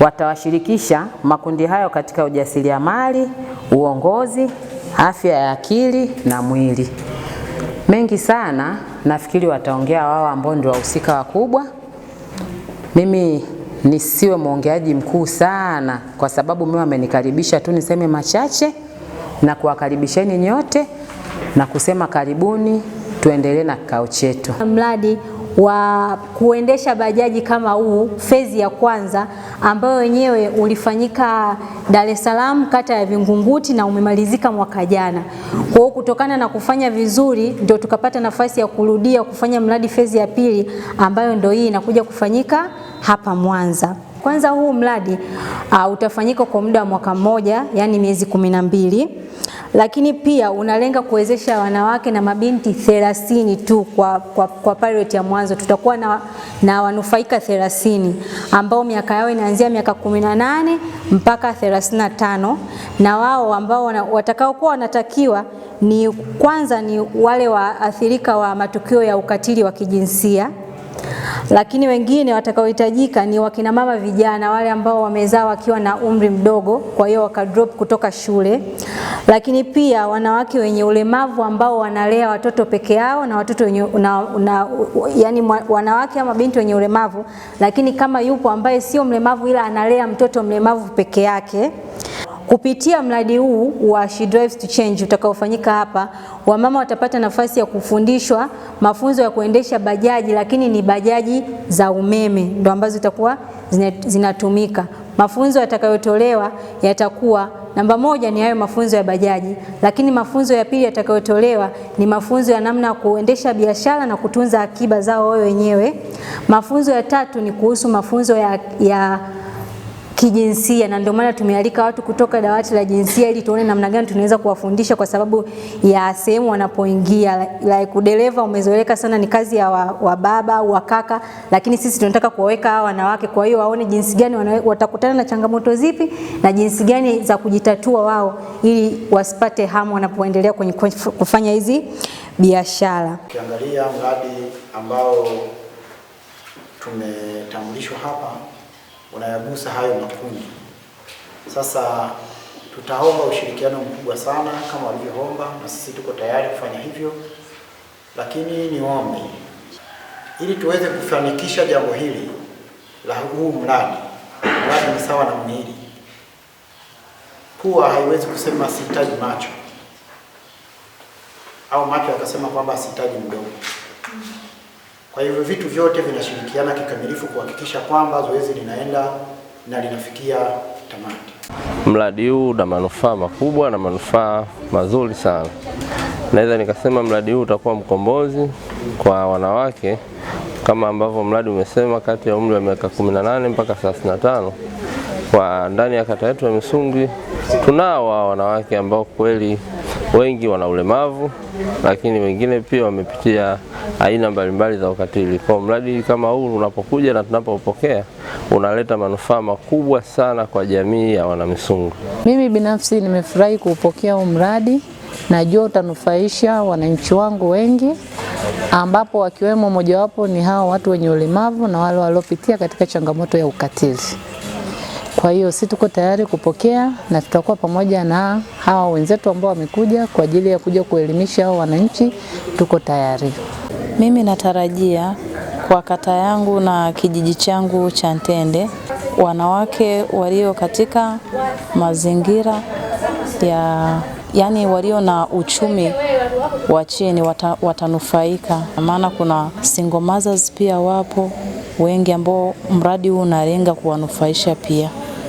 watawashirikisha makundi hayo katika ujasiriamali, uongozi, afya ya akili na mwili. Mengi sana nafikiri wataongea wao ambao ndio wahusika wakubwa. Mimi nisiwe mwongeaji mkuu sana, kwa sababu mimi wamenikaribisha tu niseme machache na kuwakaribisheni nyote na kusema karibuni, tuendelee na kikao chetu mradi wa kuendesha bajaji kama huu, fezi ya kwanza ambayo wenyewe ulifanyika Dar es Salaam kata ya Vingunguti na umemalizika mwaka jana. Kwa hiyo kutokana na kufanya vizuri, ndio tukapata nafasi ya kurudia kufanya mradi fezi ya pili ambayo ndio hii inakuja kufanyika hapa Mwanza. Kwanza huu mradi uh, utafanyika kwa muda wa mwaka mmoja, yani miezi kumi na mbili, lakini pia unalenga kuwezesha wanawake na mabinti thelathini tu kwa, kwa, kwa pilot ya mwanzo. Tutakuwa na, na wanufaika thelathini ambao miaka yao inaanzia miaka kumi na nane mpaka 35, na tano na wao ambao watakaokuwa wanatakiwa ni kwanza ni wale waathirika wa matukio ya ukatili wa kijinsia lakini wengine watakaohitajika ni wakina mama vijana wale ambao wamezaa wakiwa na umri mdogo, kwa hiyo wakadrop kutoka shule, lakini pia wanawake wenye ulemavu ambao wanalea watoto peke yao na watoto wenye, na, na, yani wanawake ama binti wenye ulemavu, lakini kama yupo ambaye sio mlemavu ila analea mtoto mlemavu peke yake Kupitia mradi huu wa She Drives to Change utakaofanyika hapa, wamama watapata nafasi ya kufundishwa mafunzo ya kuendesha bajaji, lakini ni bajaji za umeme ndo ambazo zitakuwa zinatumika. Mafunzo yatakayotolewa yatakuwa namba moja ni hayo mafunzo ya bajaji, lakini mafunzo ya pili yatakayotolewa ni mafunzo ya namna ya kuendesha biashara na kutunza akiba zao wao wenyewe. Mafunzo ya tatu ni kuhusu mafunzo ya, ya kijinsia, na ndio maana tumealika watu kutoka dawati la jinsia ili tuone namna gani tunaweza kuwafundisha, kwa sababu ya sehemu wanapoingia. Like udereva umezoeleka sana, ni kazi ya wababa wa au wakaka, lakini sisi tunataka kuwaweka hawa wanawake, kwa hiyo waone jinsi gani watakutana na changamoto zipi na jinsi gani za kujitatua wao, ili wasipate hamu wanapoendelea kwenye kufanya hizi biashara. Ukiangalia mradi ambao tumetambulishwa hapa unayagusa hayo makundi. Sasa tutaomba ushirikiano mkubwa sana kama walivyoomba, na sisi tuko tayari kufanya hivyo, lakini niombe ili tuweze kufanikisha jambo hili la huu mradi, mradi ni sawa na mwili. Pua haiwezi kusema sihitaji macho au macho akasema kwamba sihitaji mdomo. Kwa hivyo vitu vyote vinashirikiana kikamilifu kuhakikisha kwamba zoezi linaenda na linafikia tamati. Mradi huu una manufaa makubwa na manufaa mazuri sana. Naweza nikasema mradi huu utakuwa mkombozi kwa wanawake kama ambavyo mradi umesema kati ya umri wa miaka 18 mpaka 35 kwa ndani ya kata yetu ya Misungwi tunao wanawake ambao kweli wengi wana ulemavu, lakini wengine pia wamepitia aina mbalimbali za ukatili. Kwa mradi kama huu unapokuja na tunapopokea, unaleta manufaa makubwa sana kwa jamii ya Wanamisungu. Mimi binafsi nimefurahi kuupokea huu mradi, najua utanufaisha wananchi wangu wengi, ambapo wakiwemo mojawapo ni hawa watu wenye ulemavu na wale waliopitia katika changamoto ya ukatili. Kwa hiyo si tuko tayari kupokea na tutakuwa pamoja na hawa wenzetu ambao wamekuja kwa ajili ya kuja kuelimisha hao wananchi, tuko tayari. Mimi natarajia kwa kata yangu na kijiji changu cha Ntende wanawake walio katika mazingira ya yaani walio na uchumi wa chini wata, watanufaika, maana kuna single mothers pia wapo wengi ambao mradi huu unalenga kuwanufaisha pia.